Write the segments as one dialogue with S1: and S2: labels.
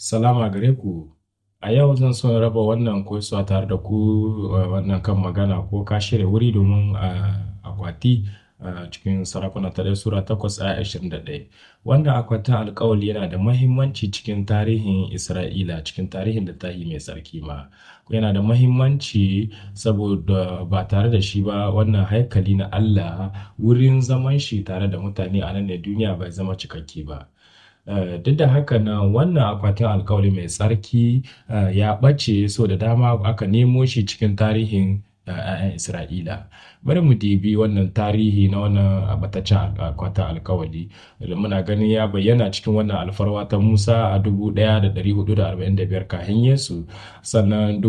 S1: Salama gare ku. A yau zan son raba wannan kwaswa tare da ku eh, wannan kan magana ko ka shirya wuri domin a eh, akwati a eh, cikin sarakuna ta Sura takwas a ashirin da ɗaya. wanda akwatin alkawali yana da mahimmanci cikin tarihin Isra'ila cikin tarihin da littafi mai tsarki ma. Yana da mahimmanci saboda ba tare da shi ba wannan haikali na Allah wurin zaman shi tare da mutane a nan ne duniya bai zama cikakke ba. Eh, duk da haka nan wannan akwatin alkawari mai tsarki eh, ya ɓace so da dama aka nemo shi cikin tarihin 'ya'yan isra'ila bari mu dibi wannan tarihi na wannan abataccen akwata alkawali muna ganin ya bayyana cikin wannan alfarwa ta musa a 1445 kahin yesu sannan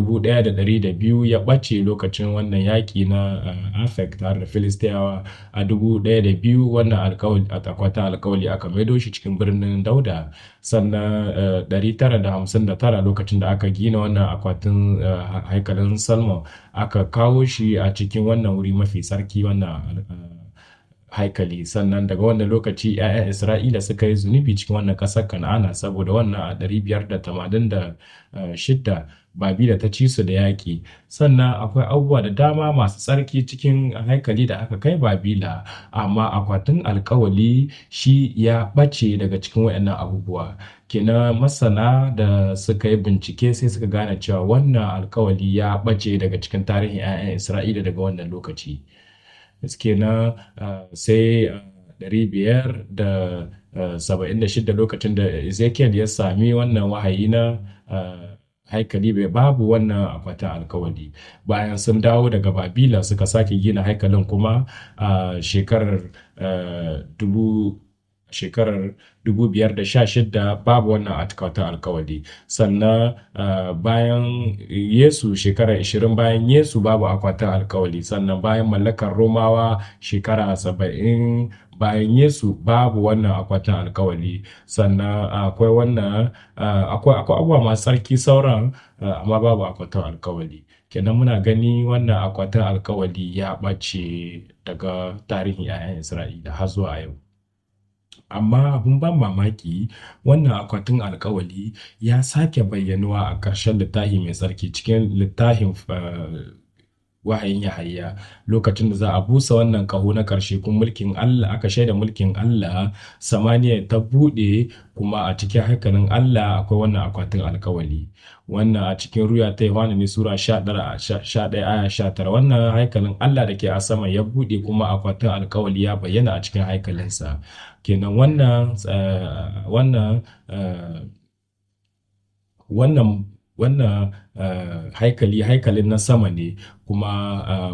S1: biyu ya ɓace lokacin wannan yaƙi na eh, afek tare da filistiyawa a biyu wannan akwata alkawali aka maido shi cikin birnin dauda sannan 959 eh, lokacin da aka gina wannan akwatin eh, haikalin salmon aka kawo shi a cikin wannan wuri mafi tsarki wannan eh, haikali sannan daga wannan lokaci 'ya'yan isra'ila suka yi zunubi cikin wannan ƙasar kanaana saboda wannan a 586 eh, babila ta ci su da yaƙi sannan akwai abubuwa da dama masu tsarki cikin haikali da aka kai babila amma akwatin alkawali shi ya ɓace daga cikin waɗannan abubuwa kina masana da suka yi bincike sai suka gane cewa wannan alkawali ya ɓace daga cikin tarihin 'ya'yan isra'ila daga wannan lokaci suke na ah, sai ah, ɗari biyar da ah, saba'in da shida lokacin da ezekiel ya sami wannan wahayi na haikali bai babu wannan akwatin alkawali bayan sun dawo daga babila suka sake gina haikalin kuma a shekarar dubu a shekarar 2016 babu wannan atkauta alkawali sannan ah, bayan yesu shekara 20 bayan yesu babu akwatin alkawali sannan bayan mallakar romawa shekara 70 bayan yesu babu wannan akwatin alkawali sannan akwai wannan ah, akwai abubuwa masu sarki sauran ah, amma babu akwatin alkawali kenan muna gani wannan akwatin alkawali ya ɓace daga tarihin 'ya'yan isra'ila har zuwa yau amma abin ban mamaki wannan akwatin alkawali ya sake bayyanuwa a ƙarshen littafi mai tsarki cikin littafin eh, wahayin yahaya lokacin da za a busa wannan kaho na ƙarshe kun mulkin Allah aka shaida mulkin Allah samaniya ta buɗe kuma a cikin haikalin Allah akwai wannan akwatin alkawali wannan a cikin ruya ta Yohana ne sura 11 aya 19 wannan haikalin Allah da ke a sama ya buɗe kuma akwatin alkawali ya bayyana a cikin haikalinsa kenan wannan eh, eh, wannan wannan wannan eh, haikali haikalin na sama ne kuma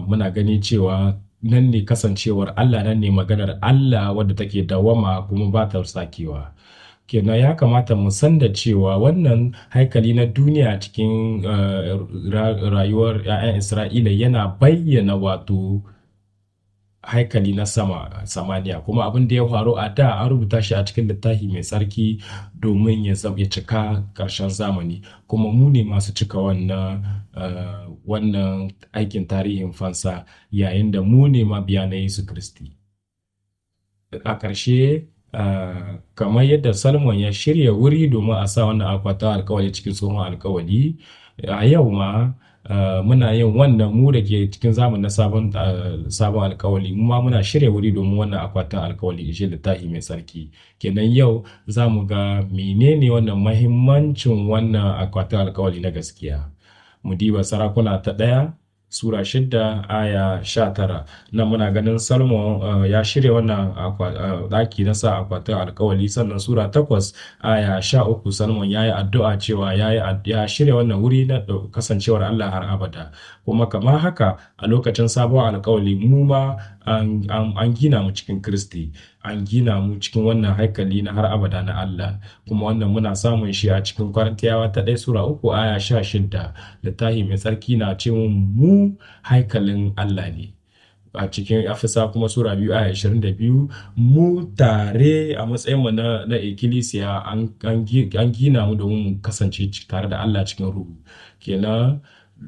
S1: muna gani cewa nan ne kasancewar Allah nan ne maganar Allah wadda take dawama kuma ba ta sakewa kenan ya kamata mu san da cewa wannan haikali na duniya cikin rayuwar 'ya'yan isra'ila yana bayyana wato haikali na sama samaniya kuma abin da ya faru a da an rubuta shi a cikin littafi mai tsarki domin ya cika karshen zamani kuma mu ne masu cika wannan eh, wannan aikin tarihin fansa yayin da mu ne mabiya na yesu kristi a ƙarshe eh, kamar yadda salmon ya shirya wuri domin a sa wannan akwata alkawali cikin tsohon alkawali a yau ma Eh, muna yin wannan mu da ke cikin zamani na sabon eh, sabon alkawali mu ma muna shirya wuri domin wannan akwatin alkawali shi littafi mai sarki kenan yau za mu ga menene wannan mahimmancin wannan akwatin alkawali na gaskiya mu diba sarakuna ta ɗaya sura shidda aya sha tara na muna ganin salmon uh, ya shirya wannan uh, ɗaki na sa akwatin alkawali sannan sura takwas aya sha uku salmon ya yi addu'a cewa ya shirya wannan wuri na kasancewar allah har abada kuma kamar haka a lokacin sabon alkawali mu ma an gina mu cikin kristi an gina mu cikin wannan haikali na har abada na allah kuma wannan muna samun shi a cikin kwarantiyawa ta ɗaya sura uku aya sha shidda littafi mai tsarki na ce mu haikalin allah ne a cikin afisa kuma sura biyu a 22 mu tare a matsayin na, na ikkilisiya an, gina mu domin mu kasance tare da allah cikin ruhu kenan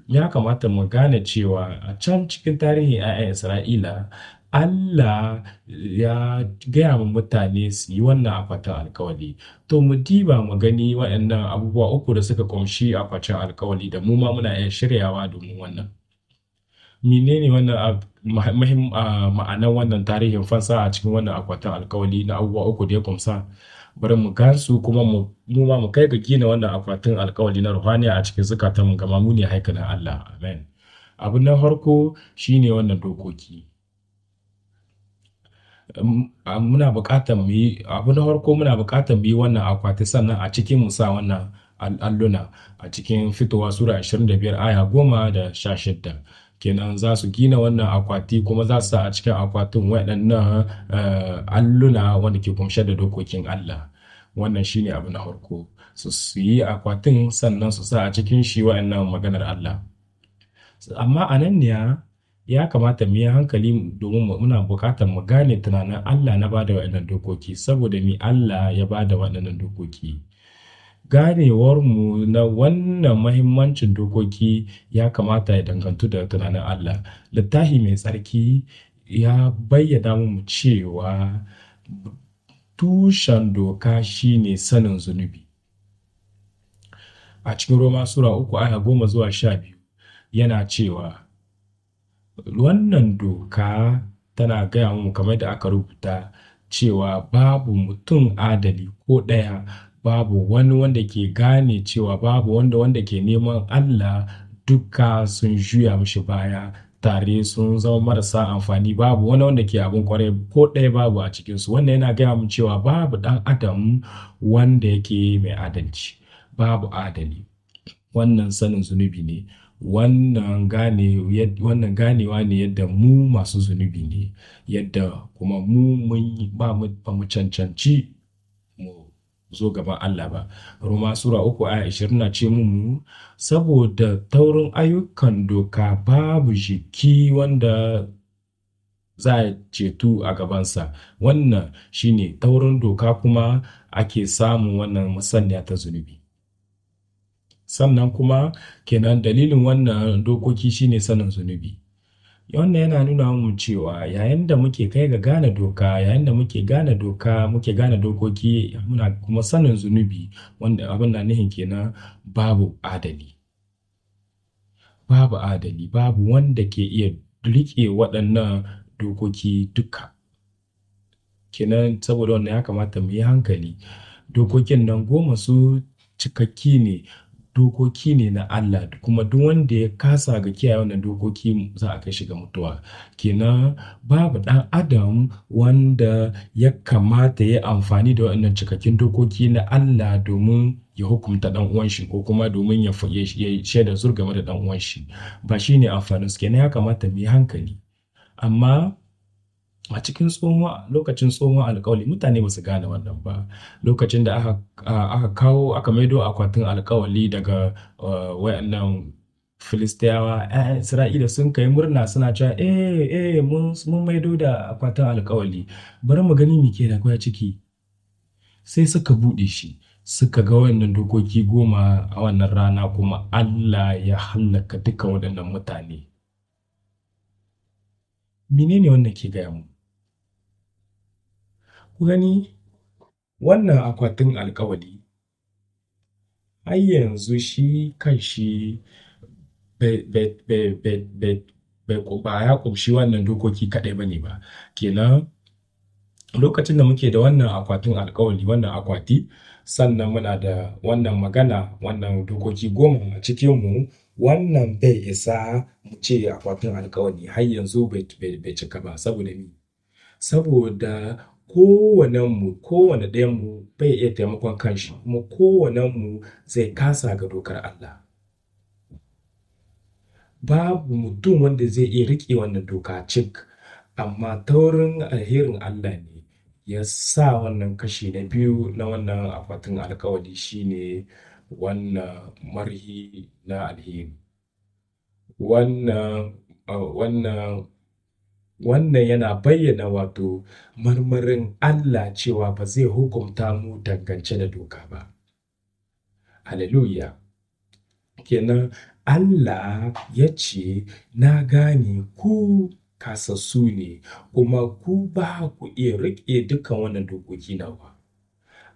S1: Ya kamata mu gane cewa a can cikin tarihin ‘ya'yan Isra'ila, Allah ya gaya wa mutane su yi wannan akwatin alkawali. To, mu diba mu gani waɗannan abubuwa uku da suka ƙunshi akwatin alkawali da mu ma muna iya shiryawa domin wannan. Menene wannan ma'anar wannan tarihin fasa a cikin wannan akwatin alkawali na abubuwa uku da ya kumsa? bari mu gansu kuma mu ma mu kai ga gina wannan akwatin alkawali na ruhaniya a cikin zukatanmu gama mu ne haikalin Allah amen abu na farko shine wannan dokoki muna buƙatar mu yi abu na farko muna buƙatar mu yi wannan akwati sannan a cikin mu sa wannan alluna a cikin fitowa sura 25 aya 10 da 16 kenan za su gina wannan akwati kuma za su sa a cikin akwatin waɗannan eh, alluna wanda ke kumshe da dokokin Allah wannan shine abu na farko su yi akwatin sannan su sa a cikin shi waɗannan maganar Allah amma a nan ne ya kamata mu yi hankali domin muna buƙatar mu gane tunanin Allah na bada waɗannan dokoki saboda ni Allah ya ba da waɗannan dokoki ganewarmu na wannan mahimmancin dokoki ya kamata ya dangantu da tunanin Allah. Littafi mai tsarki ya bayyana mu cewa tushen doka shine sanin zunubi. A cikin Roma Sura uku aya goma zuwa sha biyu yana cewa, Wannan doka tana gaya mu kamar da aka rubuta cewa babu mutum adali ko ɗaya babu wani wanda ke gane cewa babu wanda wanda ke neman Allah duka sun juya mishi baya tare sun zama marasa amfani babu wani wanda ke abin kwarai ko ɗaya babu a cikinsu wannan yana gaya mu cewa babu ɗan adam wanda yake mai adalci babu adali wannan sanin zunubi ne wannan ganewa ne yadda mu masu zunubi ne yadda kuma mu mun ba mu cancanci zo gaban Allah ba. Roma Sura uku a ashirin na ce mu saboda taurin ayyukan doka babu jiki wanda za a cetu a gabansa. Wannan shine taurin doka kuma ake samun wannan musanya ta zunubi. Sannan kuma kenan dalilin wannan dokoki shine sanin zunubi. wannan yana nuna mu cewa yayin da muke kai ga gane doka yayin da muke gane doka muke gane dokoki muna kuma sanin zunubi wanda abin da nihin kenan babu adali babu adali babu wanda ke iya riƙe waɗannan dokoki duka kenan saboda wannan ya kamata mu yi hankali dokokin nan goma su cikakki ne dokoki ne na Allah kuma duk wanda ya kasa ga kiyaye wannan dokoki za a kai shi ga mutuwa kenan babu dan adam wanda ya kamata ya amfani da wannan cikakkin dokoki na Allah domin ya hukunta dan uwan shi ko kuma domin ya shaida zur game da dan uwan shi ba shine amfanin su kenan ya kamata mu yi hankali amma a cikin tsohon lokacin tsohon alkawali mutane ba su gane wannan ba lokacin da aka, kawo aka maido akwatin alkawali daga wayannan filistiyawa isra'ila sun kai murna suna cewa eh eh mun maido da akwatin alkawali bari mu gani mu ke da kwaya ciki sai suka buɗe shi suka ga wannan dokoki goma a wannan rana kuma allah ya hallaka duka waɗannan mutane menene wannan ke gaya mu Ku gani wannan akwatin alkawari har yanzu shi kanshi ba ya ƙunshi wannan dokoki kaɗai ba ne ba kenan lokacin da muke da wannan akwatin alkawari wannan akwati sannan muna da wannan magana wannan dokoki goma a cikinmu wannan bai isa mu ce akwatin alkawari har yanzu bai cika ba saboda mi saboda kowanenmu kowane ɗayanmu bai iya taimakon kanshi kuma mu zai kasa ga dokar Allah babu mutum wanda zai iya riƙe wannan doka cik amma taurin alherin Allah ne ya sa wannan kashi na biyu na wannan akwatin alkawali shine wannan marhi na alheri wannan ah, wannan wannan yana bayyana wato marmarin Allah cewa ba zai hukunta mu dangance da doka ba. Hallelujah! Kenan Allah ya ce, Na gane ku kasassu ne, kuma ku ba ku iya riƙe dukkan wannan dokoki nawa,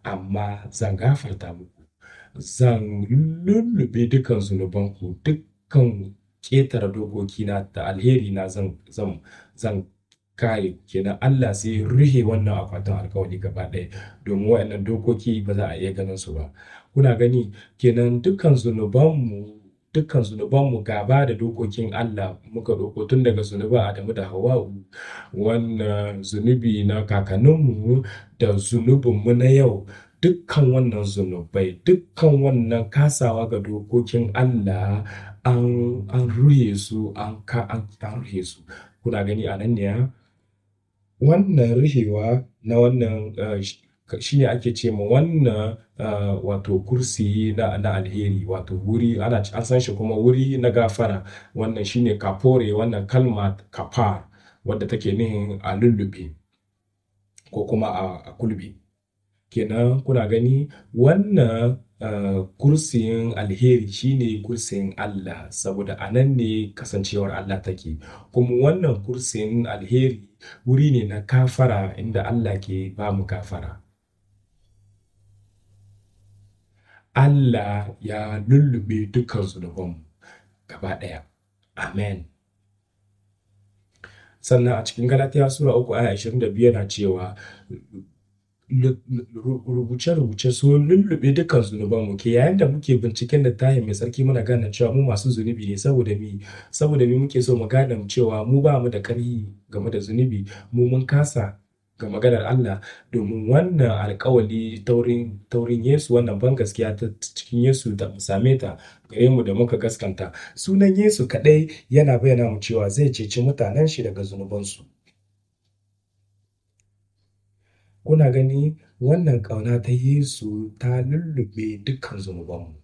S1: amma zan gafarta muku, zan lullube dukkan zunubanku dukkan dokoki dokokina da alheri na zan zan zan kare kenan Allah sai ruhe wannan akwatin alkawari gaba ɗaya domin waɗannan dokoki ba za a iya ganin su ba kuna gani kenan dukkan zunubanmu dukkan zunubanmu gaba da dokokin Allah muka roko tun daga zunuban Adamu da Hawwa'u wannan zunubi na kakanninmu da zunubinmu na yau dukkan wannan zunubai dukkan wannan kasawa ga dokokin Allah an an ruhe su an ka an ruhe su kuna gani a nan ne ya wannan ruhewa na wannan eh, shi ne ake ce ma wannan eh, wato kursi na, na alheri wato wuri ana an san shi kuma wuri na gafara wannan shine kafore wannan kalma kafar wadda take nihin a lullube ko kuma a kulbe kenan kuna gani wannan Eh, kursiyin alheri shine kursiyin Allah saboda a ne kasancewar Allah take kuma wannan kursiyin alheri wuri ne na kafara inda Allah ke ba mu kafara Allah ya lullube dukkan zunubanmu gaba ɗaya amen sannan a cikin galatiya sura uku da 25 na cewa rubuce-rubuce sun lullube dukkan zunubanmu ke yayin da muke binciken littafin mai sarki muna gane cewa mu masu zunubi ne saboda mi saboda mi muke so mu gane cewa mu ba mu da karhi game da zunubi mu mun kasa ga maganar Allah domin wannan alkawali taurin Yesu wannan ban gaskiya ta cikin Yesu da mu same ta gare mu da muka gaskanta sunan Yesu kadai yana bayyana mu cewa zai ceci mutanen shi daga zunubansu Kuna gani wannan ƙauna ta Yesu ta lullube dukkan zunubanmu.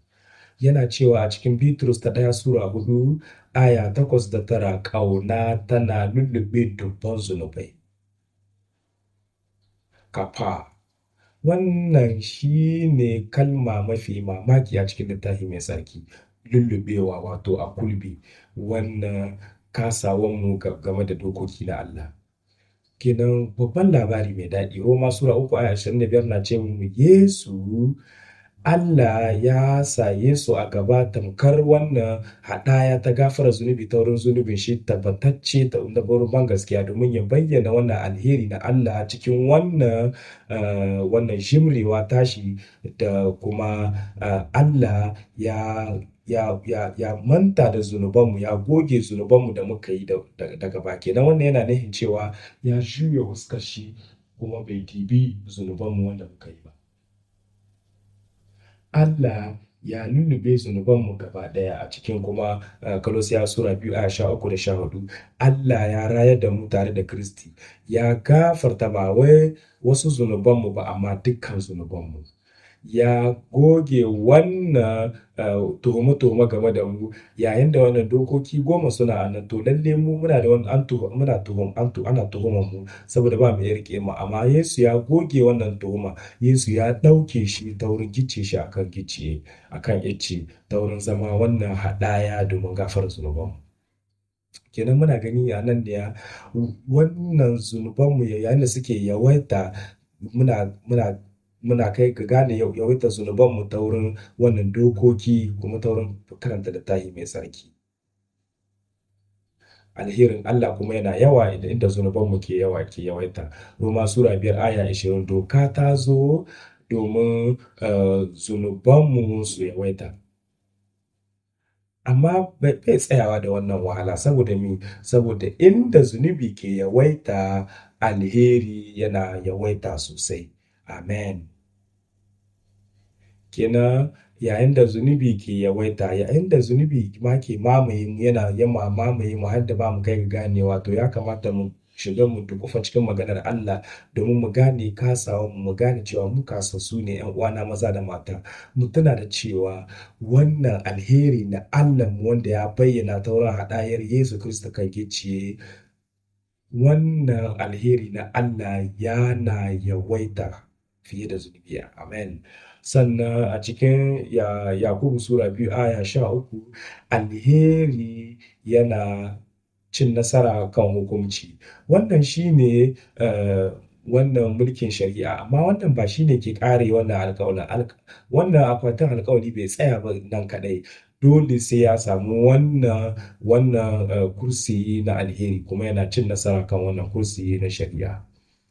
S1: Yana cewa a cikin Bitrus ta ɗaya Sura hudu aya takwas da tara ƙauna tana lullube dubban zunubai. Kafa Wannan shi ne kalma mafi mamaki a cikin littafi mai sarki, lullubewa wato a kulbi, wannan kasawanmu game da dokoki na Allah. kenan babban labari mai daɗi Roma Sura 3 da 25 na ce mu Yesu Allah ya sa Yesu a gaba tamkar wannan haɗaya ta gafara zunubi ta wurin zunubin shi tabbatacce ta wanda ban gaskiya domin ya bayyana wannan alheri na Allah cikin wannan uh, wannan tashi da kuma eh, Allah ya ya, ya, ya manta da zunubanmu ya goge zunubanmu da muka yi daga baki na wannan yana nufin cewa ya juya huskar shi kuma bai dibi zunubanmu wanda muka yi ba Allah ya lullube zunubanmu gaba daya a cikin kuma uh, kolosiya sura biyu a sha uku da sha hudu allah ya rayar da mu tare da kristi ya gafarta ba wai wasu zunubanmu ba amma dukkan zunubanmu ya goge wannan eh, tuhume-tuhume game da mu yayin da wannan dokoki goma suna nan to lalle mu muna da wannan an ana tuhuma mu saboda ba mu ya rike mu amma Yesu ya goge wannan tuhuma Yesu ya ɗauke shi ta wurin gice shi akan gice akan icce ta wurin zama wannan hadaya domin gafar zunuban kenan muna gani a nan da wannan zunubanmu yayin da suke yawaita muna muna muna kai ga gane yawaitar zunuban mu ta wurin wannan dokoki kuma ta wurin karanta littafi mai sarki alherin Allah kuma yana yawa inda zunuban mu ke yawa ke yawaita Roma sura biyar aya ashirin doka ta zo domin eh, zunubanmu su yawaita amma bai tsayawa da wannan wahala saboda mi saboda inda zunubi ke yawaita alheri yana yawaita sosai Amen. Kenan yayin da zunubi ke yawaita yayin da zunubi ma ke mamaye mu yana yamma mamaye mu har da ba mu kai ga ganewa to ya kamata mu shiga mu dukufa cikin maganar Allah domin mu gane kasawa mu gane cewa mu kasassu ne yan uwana maza da mata mu tuna da cewa wannan alheri na Allah mu wanda ya bayyana ta wurin hadayar Yesu Kiristi kan gicciye wannan alheri na Allah yana yawaita fiye da zunubi amen sannan a cikin yakubu sura biyu aya sha uku alheri yana cin nasara kan hukunci wannan shine eh, wannan mulkin shari'a amma wannan ba shine ke kare wannan alkawalin wannan akwatin alkawali bai tsaya ba nan kadai dole sai ya samu wannan wannan eh, kursi na alheri kuma yana cin nasara kan wannan kursi na shari'a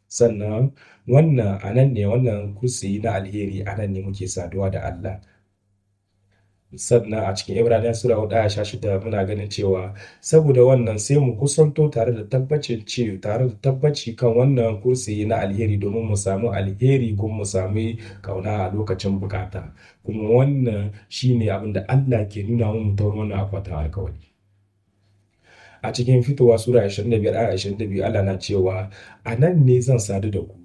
S1: sannan wannan a nan ne wannan kursi na alheri a nan ne muke saduwa da Allah sannan a cikin ibrahim sura 16 muna ganin cewa saboda wannan sai mu kusanto tare da tabbacin ce tare da tabbaci kan wannan kursi na alheri domin mu samu alheri kuma mu sami kauna a lokacin bukata kuma wannan shine abin da Allah ke nuna mu ta wannan akwatin alkawari a cikin fitowa sura 25 a 22 Allah na cewa a nan ne zan sadu da ku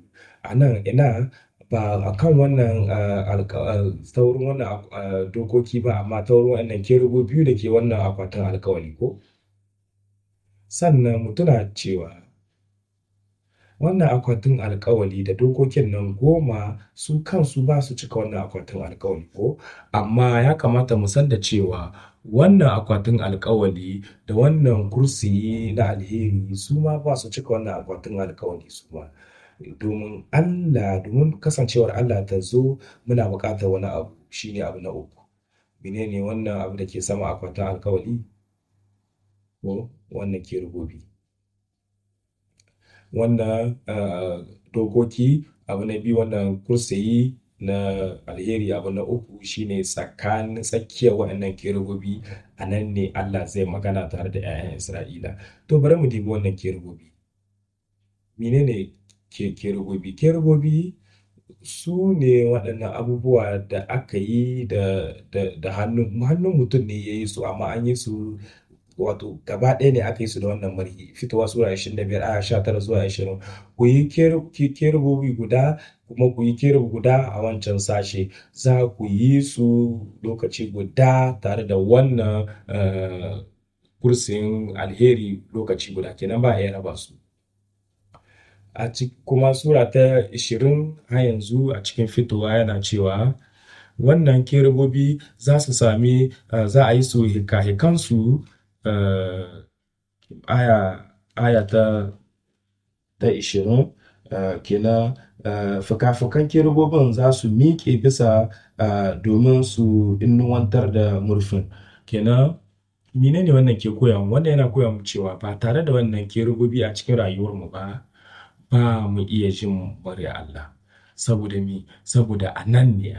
S1: a nan ina ba a kan wannan taurin wannan dokoki ba amma taurin wannan kerubu biyu da ke wannan akwatin alkawari ko sannan mutuna cewa wannan akwatin alkawali da dokokin nan goma su kansu ba su cika wannan akwatin alkawali ko amma ya kamata mu san da cewa wannan akwatin alkawali da wannan kursiyi na alheri su ma ba su cika wannan akwatin alkawali su ma domin Allah domin kasancewar Allah ta zo muna buƙatar wani abu shine abu na uku Mene ne wannan abu da ke sama akwatin alkawali ko wannan ke eh, wannan dokoki abu na biyu wannan kursiyi na alheri abu na uku shine tsakanin tsakiyar waɗannan kerubobi a nan ne Allah zai magana tare da 'ya'yan Isra'ila to bari mu dibi wannan kerubobi menene ke kerubobi kerubobi su ne waɗannan abubuwa da aka yi da, hannun mutum ne ya yi su amma an yi su wato gaba ɗaya ne aka yi su da wannan mulki fitowa sura 25 aya 19 zuwa 20 ku yi kerubobi guda kuma ku yi kirub guda a wancan sashe za ku yi su lokaci guda tare da wannan eh, kursin alheri lokaci guda kenan ba a raba su a kuma sura ta 20 a yanzu a cikin fitowa yana cewa wannan kerubobi za su sami eh, za a yi su hika-hikansu aya aya ta ta ishirin kenan fuka-fukan kerubobin za su miƙe bisa domin su nuwantar da murfin kenan ne wannan ke koya mu wannan yana koya mu cewa ba tare da wannan kerubobi a cikin rayuwarmu ba ba mu iya jin murya Allah saboda me saboda a nan ne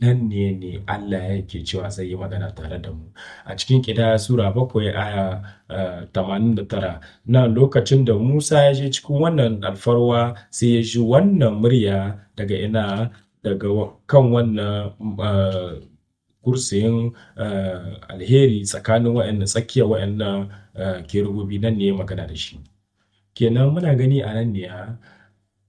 S1: nan ne ne Allah yake cewa zai yi magana tare da mu a cikin ƙidaya sura bakwai aya eh, tamanin da tara na lokacin da Musa ya je cikin wannan alfarwa sai ya ji wannan murya daga ina daga kan wannan eh, kursiyin eh, alheri tsakanin wa'annan tsakiya wa'annan kerubobi nan ne magana da shi kenan muna gani a nan ne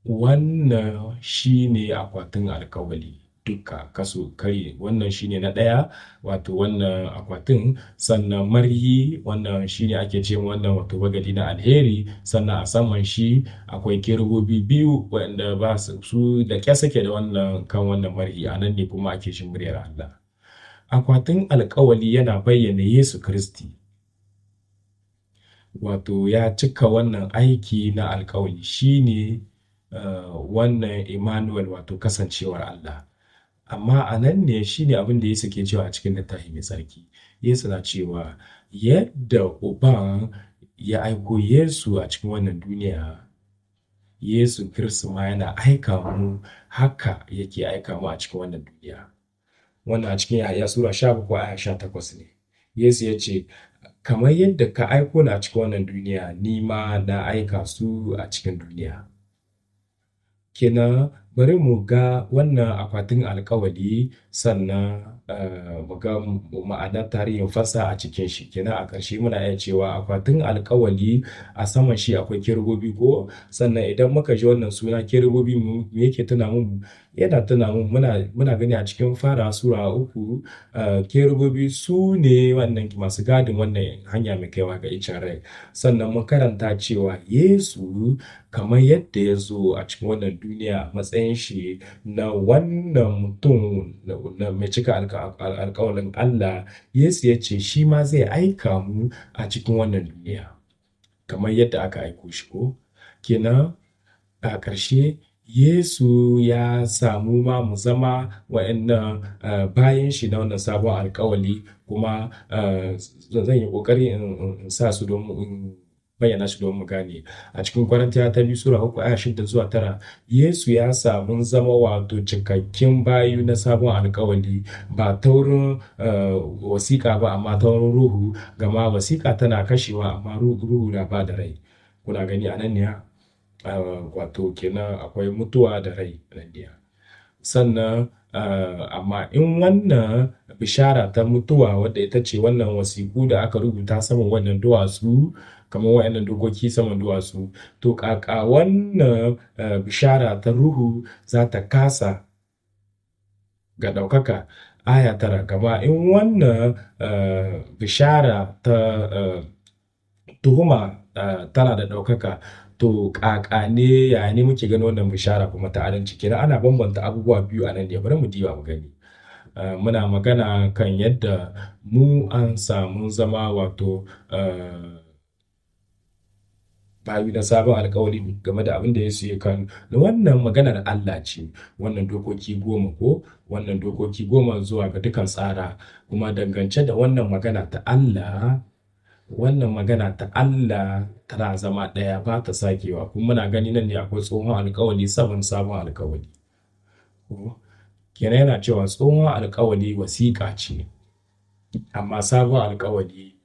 S1: wannan shi ne akwatin alkawali duka kasu kari wannan shine na ɗaya wato wannan akwatin sannan marhi wannan shine ake ce wannan wato bagadi na alheri sannan a saman shi akwai kerubobi biyu wanda ba su da ƙya ke da wannan kan wannan maryi a nan ne kuma ake shi muryar Allah akwatin alkawali yana bayyana Yesu Kiristi wato ya cika wannan aiki na alkawali shine eh, wannan Emmanuel wato kasancewar Allah amma a nan ne shi ne abin da Yesu ke cewa a cikin littafi mai tsarki. Yesu na cewa yadda Uban ya aiko Yesu a cikin wannan duniya Yesu Kiristi ma yana aika mu haka yake aika mu a cikin wannan duniya. Wannan a cikin Yahaya Sura sha bakwai aya sha takwas ne. Yesu ya ce, Kamar yadda ka aiko na cikin wannan duniya, ni ma na aika su a cikin duniya. Kenan Bari mu ga wannan akwatin alkawali sannan eh, mu ga ma'anar tarihin fasa a cikin shi. Kenan a ƙarshe muna iya cewa akwatin alkawali a saman shi akwai kerubobi ko sannan idan muka ji wannan suna kerubobi me yake tuna min yana tuna min muna, gani a cikin fara sura uku eh, kerubobi su ne wannan masu gadin wannan hanya mai kaiwa ga icen rai sannan mun karanta cewa Yesu kamar yadda ya zo a cikin wannan duniya a matsayin matsayin shi na wannan mutum na mai cika alkawalin Allah Yesu ya ce shi ma zai aika mu a cikin wannan duniya kamar yadda aka aiko shi ko kenan a ƙarshe Yesu ya samu ma mu zama wa'annan bayan shi na wannan sabon alkawali kuma zan yi ƙoƙari in sa su don bayyana shi don mu gane a cikin kwarantiya ta biyu sura uku aya shida zuwa tara yesu ya samu zama wato cikakken bayu na sabon alkawali ba taurin eh, wasiƙa ba amma taurin ruhu gama wasiƙa tana kashewa amma ruhu na ba da rai kuna gani a nan ne eh, wato kenan akwai mutuwa da rai nan sannan eh, amma in wannan bishara ta mutuwa wadda ita ce wannan wasiku da aka rubuta saman wannan duwatsu kamar wa'annan dokoki saman duwatsu to ƙaƙa wannan eh, bishara ta ruhu za ta kasa ga ɗaukaka aya tara gaba in wannan eh, bishara ta eh, tuhuma tana da ɗaukaka to kaka ne ya ne muke gani wannan bishara kuma ta adalci kenan ana bambanta abubuwa biyu a nan ne bari mu diba mu gani muna magana kan yadda mu an samu zama wato bayu na sabon alkawari game da abin da ya siya kan wannan maganar Allah ce wannan dokoki goma ko wannan dokoki goma zuwa ga dukan tsara kuma dangance da wannan magana ta Allah wannan magana ta Allah tana zama ɗaya ba ta sakewa kuma muna gani nan ne akwai tsohon alkawari sabon sabon alkawari kenan yana cewa tsohon alkawari wasiƙa ce amma sabon alkawari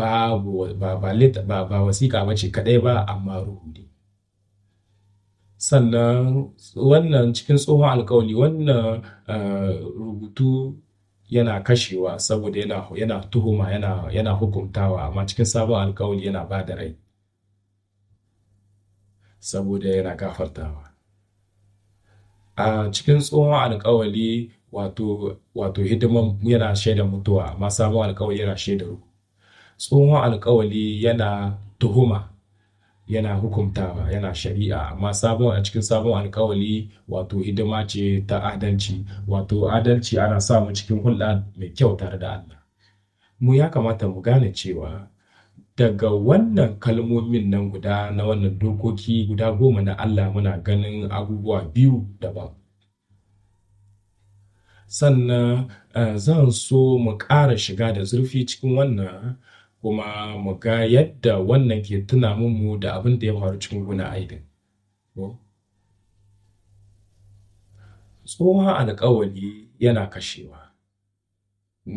S1: ba wasiƙa ba ce kaɗai ba amma ruhu ne sannan wannan cikin tsohon alkawali wannan eh, rubutu yana kashewa saboda yana, tuhuma yana, yana hukuntawa amma cikin sabon alkawali yana ba da rai saboda yana gafartawa a cikin tsohon alkawali wato, hidiman yana shaida mutuwa amma sabon alkawali yana shaida ruhu tsohon alkawali yana tuhuma yana hukuntawa yana shari'a amma sabon a cikin sabon alkawali wato hidima ce ta adalci wato adalci ana samu cikin hulɗa mai kyau tare da Allah mu ya kamata mu gane cewa daga wannan kalmomin nan guda na wannan dokoki guda goma na Allah muna ganin abubuwa biyu daban sannan eh, zan so mu ƙara shiga da zurfi cikin wannan kuma mu ga yadda wannan ke tuna mu da abin da ya faru cikin gona aidin tsohon alkawali yana kashewa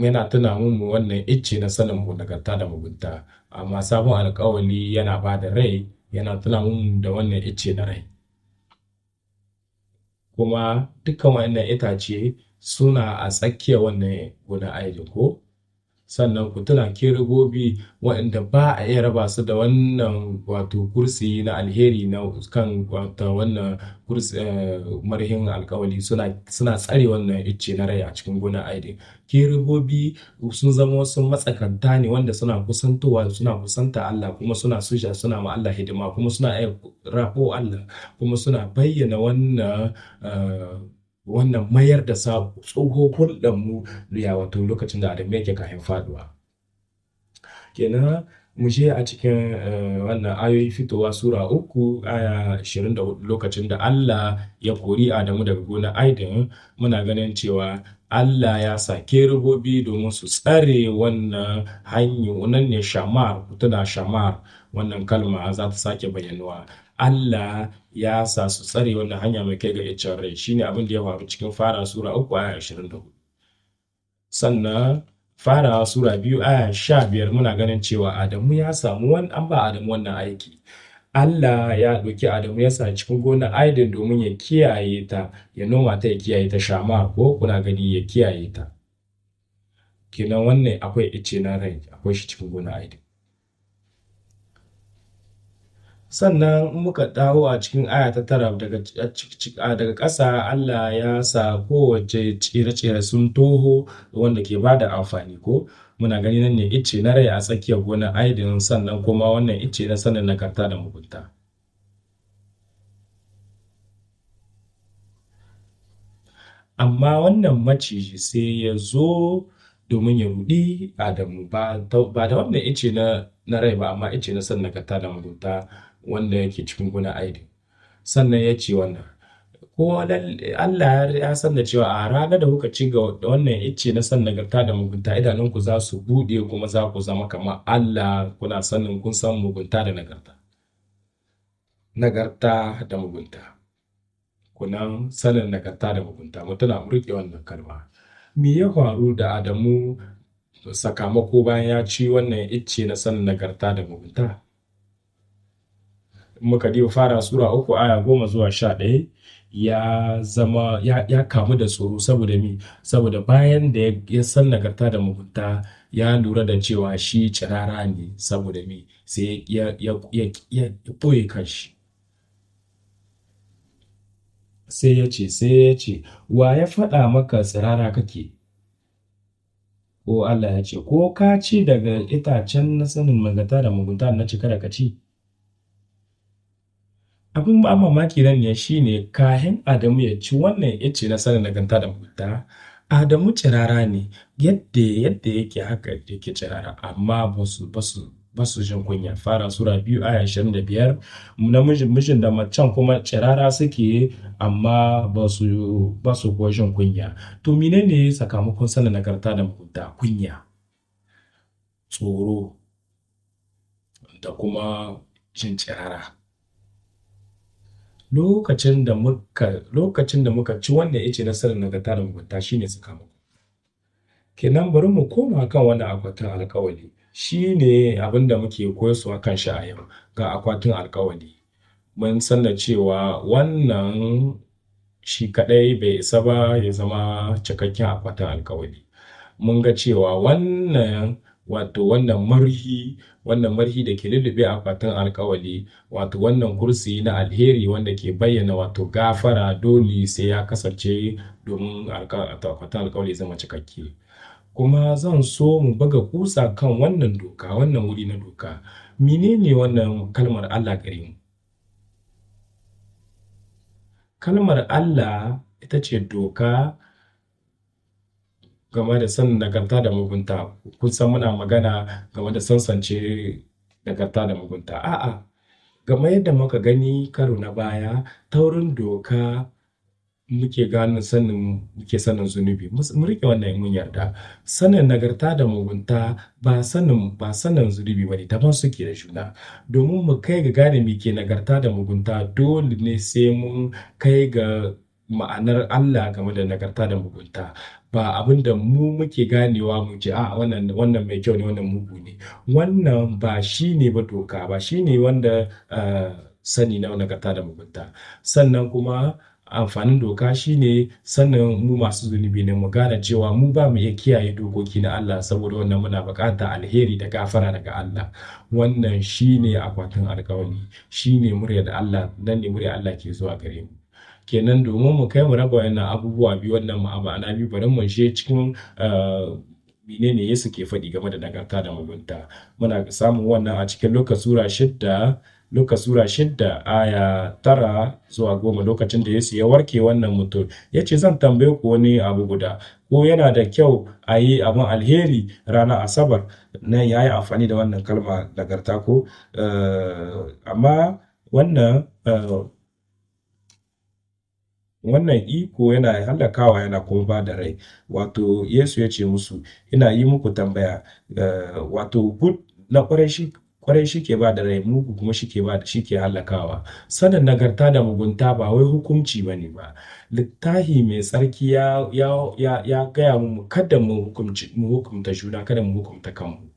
S1: yana tuna mu wannan icce na sanin mu nagarta da mugunta amma sabon alkawali yana ba da rai yana tuna mu da wannan icce na rai kuma dukkan wannan itace suna a tsakiyar wannan gona aidin ko sannan ku tuna kerubobi waɗanda ba a iya raba su da wannan wato kursi na alheri na kan wato wannan kursi eh, marhin alkawali suna suna tsare wannan icce na rai a cikin gona aidi kerubobi sun zama wasu matsakanta ne wanda suna kusantowa suna kusanta Allah kuma suna suja suna ma Allah hidima kuma suna iya rafo Allah kuma suna bayyana wannan eh, wannan mayar da sabu tsoho hulɗanmu ya wato lokacin da adam yake kafin faduwa kenan mu je a cikin eh, wannan ayoyi fitowa sura uku aya ashirin da lokacin da Allah ya kori Adamu daga gonar Aiden muna ganin cewa Allah ya sake rubobi domin su tsare wannan hanyu nan ne shamar tana shamar wannan kalma za ta sake bayyanuwa Allah ya sa su tsare wannan hanya mai kai ga iccen rai shine abin da ya faru cikin fara sura 3 aya 24 sannan farawa sura biyu aya sha muna ganin cewa Adamu ya samu wani an ba Adamu wannan aiki Allah ya ɗauki Adamu ya sa cikin gonar aidin domin ya kiyaye ta ya noma ta ya kiyaye ta shama ko kuna gani ya kiyaye ta kenan wannan akwai ice na rai akwai shi cikin gonar aidin Sannan in muka dawo a cikin aya ta tara daga ƙasa Allah ya sa kowace tsire-tsire sun toho wanda ke ba da amfani ko muna gani nan ne icce na rai a tsakiyar gonar aidin sannan kuma wannan icce na sanin karta da mugunta. Amma wannan maciji sai ya zo domin ya rudi Adamu ba da wannan ice na rai ba amma ice na na karta da mugunta wanda yake cikin guna aidin sannan ya ce wannan ko Allah ya san da cewa a ranar da kuka ci ga wannan icce na san nagarta da mugunta idanunku za su buɗe kuma za ku zama kamar Allah kuna sanin kun san mugunta da nagarta nagarta da mugunta kunan sanin nagarta da mugunta mutum na wannan kalma me ya faru da Adamu sakamako bayan ya ci wannan icce na sanin nagarta da mugunta muka diba fara sura uku aya goma zuwa sha ɗaya ya zama ya, kamu da tsoro saboda mi saboda bayan da ya san nagarta da mugunta ya lura da cewa shi cirara ne saboda mi sai ya ya ya ɓoye kanshi sai ya ce sai ya ce wa ya faɗa maka tsirara kake ko Allah ya ce ko ka ci daga itacen na sanin magata da mugunta na cika da ka ci Abin ba mamaki nan ne shine kahin Adamu ya ci wannan ice na sanin nagarta da mugunta Adamu cirara ne yadda yadda yake haka yake cirara amma su jin kunya fara sura biyu aya ashirin da biyar na mijin da macen kuma cirara suke amma ba su ko jin kunya to menene sakamakon sanin nagarta da mugunta kunya tsoro da kuma jin cirara lokacin da muka lokacin da muka ci wanda ya ce nasarar nagarta da mugunta shine sakamako kenan bari mu koma kan wannan akwatin alkawali shine abin da muke a kan shi a yau ga akwatin alkawali mun san da cewa wannan shi kadai bai isa ba ya zama cikakken akwatin alkawali mun ga cewa wannan wato wannan marhi wannan marhi da ke lullube akwatin alkawali wato wannan kursi na alheri wanda ke bayyana wato gafara dole sai ya kasance domin akwatin alkawali zama cikakke kuma zan so mu buga kusa kan wannan doka wannan wuri na doka menene wannan kalmar Allah gare mu kalmar Allah ita ce doka game da san nagarta da mugunta kun san muna magana game da sansance nagarta da mugunta a'a game yadda muka gani karo na baya taurin doka muke ganin sanin muke sanin zunubi mu rike wannan mun yarda sanin nagarta da mugunta ba sanin ba sanin zunubi bane daban suke da juna domin mu kai ga gane me ke nagarta da mugunta dole ne sai mun kai ga ma'anar Allah game da nagarta da mugunta ba abin da mu muke ganewa mu ji a wannan wannan mai kyau ne wannan mugu ne wannan ba shi ne ba doka ba shi ne wanda eh, sani na nagarta da mugunta sannan kuma amfanin doka shine sannan mu masu zunubi ne mu gane cewa mu ba mu iya kiyaye dokoki na Allah saboda wannan muna bukata alheri da gafara daga Allah wannan shine akwatin alkawari shine da Allah nan ne murya Allah ke zuwa gare mu kenan domin mu kai mu raba wannan abubuwa biyu wannan ma'ana biyu bari mu je cikin eh, menene Yesu ke faɗi game da nagarta da mugunta muna samun wannan a cikin Luka sura shidda Luka Sura shidda aya tara zuwa goma lokacin da Yesu ya warke wannan mutum ya ce zan tambaye ku wani abu guda ko yana da kyau a yi abin alheri ranar asabar nan ya yi amfani da wannan kalma nagarta ko eh, amma wannan eh, wannan iko yana halakawa yana kuma ba da rai wato yesu ya ce musu ina yi muku tambaya eh, wato gud na kwarai shi kwarai shi ke ba da rai mugu kuma shi ke ba shi ke halakawa sanin nagarta da mugunta ba wai hukunci ba ne ba littahi mai tsarki ya gaya mu kada mu hukunta juna kada mu hukunta kanmu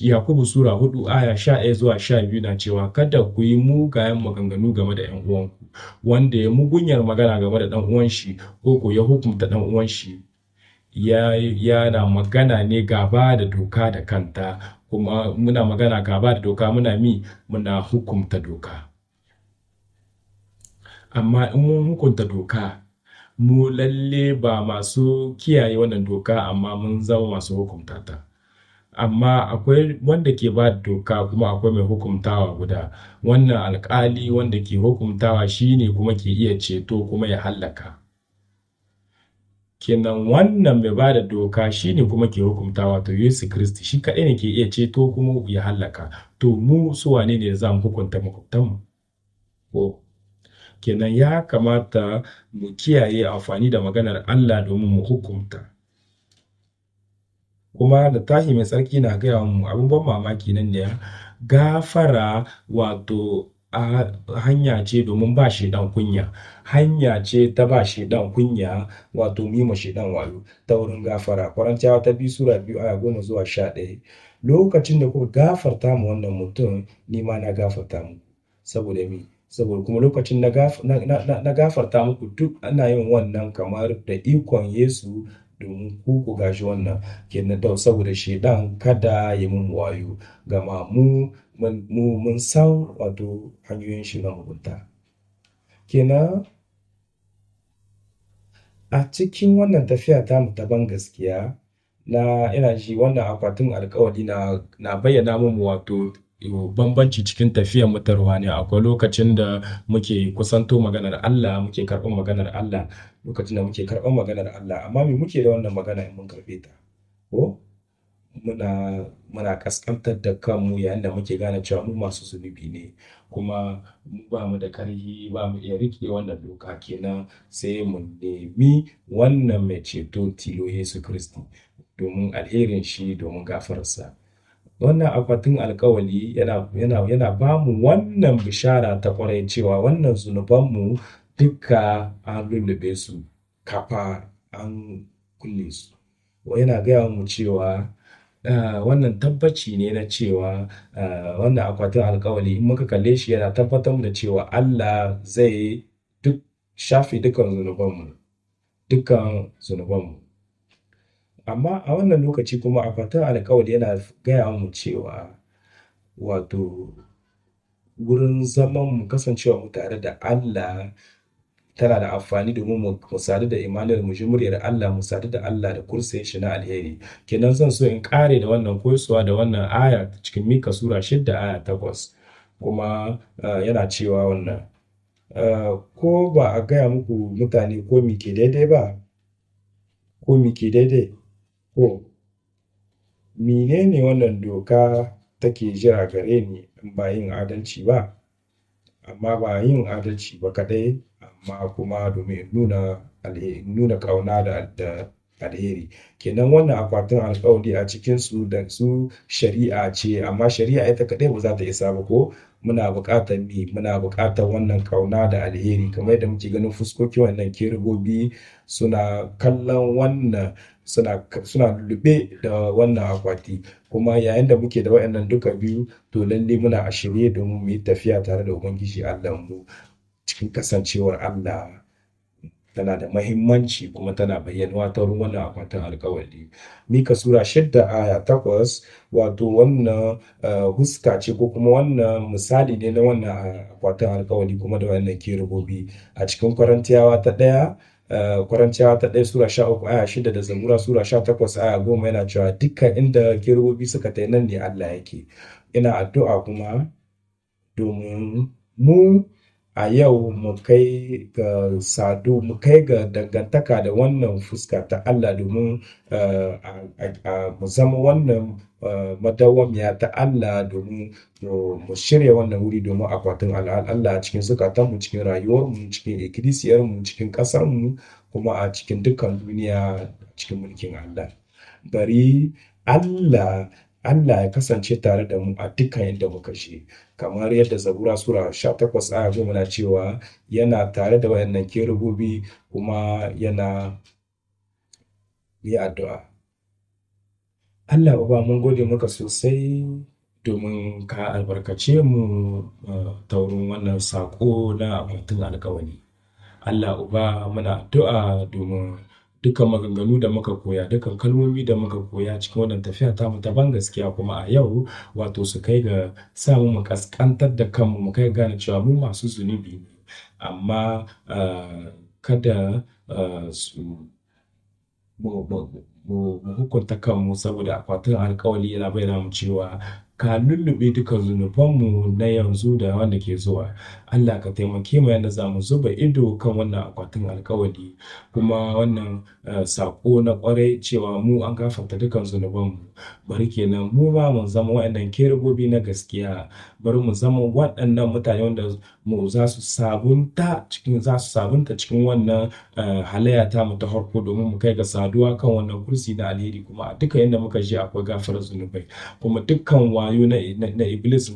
S1: Yakubu Sura 4 aya 11 zuwa biyu na cewa kada ku yi mugayen maganganu game da ‘yan uwanku, wanda ya mugunyar magana game da ɗan uwan shi ko ko ya hukunta ɗan uwan shi. na magana ne gaba da doka da kanta, kuma muna magana gaba da doka muna mi muna hukunta doka. Amma in mun hukunta doka, mu lalle ba masu kiyaye wannan doka amma mun zama masu hukunta ta. amma akwai wanda ke ba da doka kuma akwai mai hukuntawa guda wannan alkali wanda ke hukuntawa shine kuma ke iya ceto kuma ya hallaka kenan wannan mai ba da doka shine kuma ke hukuntawa to Yesu Kiristi shi kaɗai ne ke iya ceto kuma ya hallaka to mu su wane ne za mu hukunta makwabtanmu ko kenan ya kamata mu kiyaye amfani da maganar Allah domin mu hukunta kuma da tashi mai tsarki na gaya mu abin ban mamaki nan ne gafara wato a hanya ce domin ba shi dan kunya hanya ce ta ba shi dan kunya wato shi dan wayo ta wurin gafara kwarantiyawa ta biyu sura biyu aya goma zuwa sha ɗaya lokacin da kuka gafarta mu wannan mutum ni ma na gafarta mu saboda mi saboda kuma lokacin na, gafarta muku duk ana yin wannan kamar da ikon Yesu domin ku ku gashi wannan kenan da saboda shedan kada ya mun wayo gama mu mun san wato hanyoyin shi na mugunta kenan a cikin wannan tafiya ta mu taban gaskiya na ina ji wannan akwatin alkawari na na bayyana mu wato bambanci cikin tafiyar mu ta ruhaniya akwai lokacin da muke kusanto maganar Allah muke karɓar maganar Allah lokacin da muke karɓar maganar Allah amma me muke da wannan magana in mun karɓe ta ko muna muna kaskantar da kanmu yayin da muke gane cewa mu masu zunubi ne kuma mu ba mu da karhi ba mu iya rike wannan doka kenan sai mu nemi wannan mai ceto tilo Yesu Kiristi, domin alherin shi domin gafararsa wannan akwatin alkawali yana yana yana ba mu wannan bishara ta kwarai cewa wannan zunubanmu duka an lullube su kafa an kulle su yana gaya mu cewa ah, wannan tabbaci ne na cewa uh, wannan akwatin alkawali in muka kalle shi yana tabbatar da cewa Allah zai duk shafe dukkan zunubanmu dukkan zunubanmu amma a wannan lokaci kuma akwatin alkawali yana gaya mu cewa wato wurin zaman mu kasancewa mu tare da Allah tana da amfani domin mu sadu da Emmanuel mu ji muryar Allah mu sadu da Allah da kursayin shi na alheri kenan zan so in kare da wannan koyarwa da wannan aya cikin mika sura 6 aya 8 kuma eh, yana cewa wannan eh, ko ba a gaya muku mutane ko mi ke daidai ba ko mi ke daidai ko menene wannan doka take jira gare ni ba yin adalci ba amma ba yin adalci ba kadai amma kuma domin nuna kauna nuna kauna da alheri kenan wannan akwatin alkawari a cikin su da su shari'a ce amma shari'a ita kadai ba za ta isa ba ko muna buƙatar mi muna buƙatar wannan kauna da alheri kamar da muke ganin fuskoki wannan kerubobi suna kallon wannan suna suna lube da wannan akwati kuma yayin da muke da waɗannan duka biyu to lalle muna a shirye domin mu yi tafiya tare da ubangiji Allah mu cikin kasancewar Allah tana da mahimmanci kuma tana bayyanuwa ta ruwan akwatin alkawali mika sura shidda aya takwas wato wannan eh, huska ce ko kuma wannan misali ne na wannan akwatin alkawali kuma da wannan kerubobi a cikin kwarantiyawa ta ɗaya eh, kwarantiyawa ta ɗaya sura sha uku aya shida da zabura sura sha takwas aya goma yana cewa dukkan inda kerubobi suka tayi nan ne allah yake ina addu'a kuma domin mu a yau mu kai ga sadu mu kai ga dangantaka da wannan fuska ta Allah domin eh, mu zama wannan eh, madawamiya ta Allah domin eh, mu shirya wannan wuri domin akwatin Allah cikin zukatanmu cikin rayuwarmu cikin ikkilisiyarmu cikin ƙasarmu kuma a cikin dukkan duniya cikin mulkin Allah bari Allah Allah ya kasance tare da mu a dukkan yadda muka shi kamar yadda zabura sura 18 aya goma na cewa yana tare da wayannan kerubobi kuma yana yi addu'a Allah uba mun gode maka sosai domin ka albarkace mu taurin wannan sako na abokin alkawari Allah uba muna addu'a domin dukkan maganganu da muka koya dukkan kalmomi da muka koya cikin wannan tafiya ta mu ta ban gaskiya kuma a yau wato su kai ga sa mu mu kaskantar da kanmu mu kai gane cewa mu masu zunubi ne amma ah, kada ah, mu hukunta kanmu saboda akwatin alkawali yana bayyana mu cewa ka lullube duka mu na yanzu da wanda ke zuwa Allah ka taimake mu yadda za mu zuba ido kan wannan akwatin alkawari kuma wannan eh, sako na kwarai cewa mu an gafarta dukan mu. bari kenan mu ma mu zama waɗannan kerubobi na gaskiya bari mu zama waɗannan mutane wanda mu za su sabunta cikin za su sabunta cikin wannan eh, halayya ta mu ta farko domin mu kai ga saduwa kan wannan kursi na alheri kuma a duka inda muka je akwai gafarar zunubai kuma dukkan wa wayo na iblis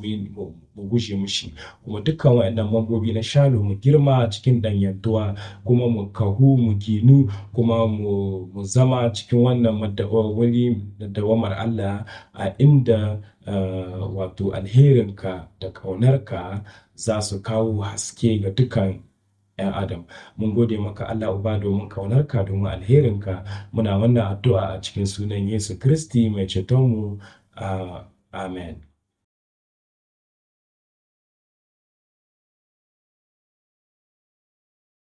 S1: mu guje mushi kuma dukkan waɗannan mambobi na shalo mu girma cikin danyantuwa kuma mu kahu mu ginu kuma mu zama cikin wannan wani dawamar Allah a inda eh, wato alherinka da ƙaunarka za su kawo haske ga dukkan 'yan adam mun gode maka Allah uba domin kaunarka domin alherinka muna wannan addu'a a cikin sunan Yesu Kristi mai cetonmu a Amen.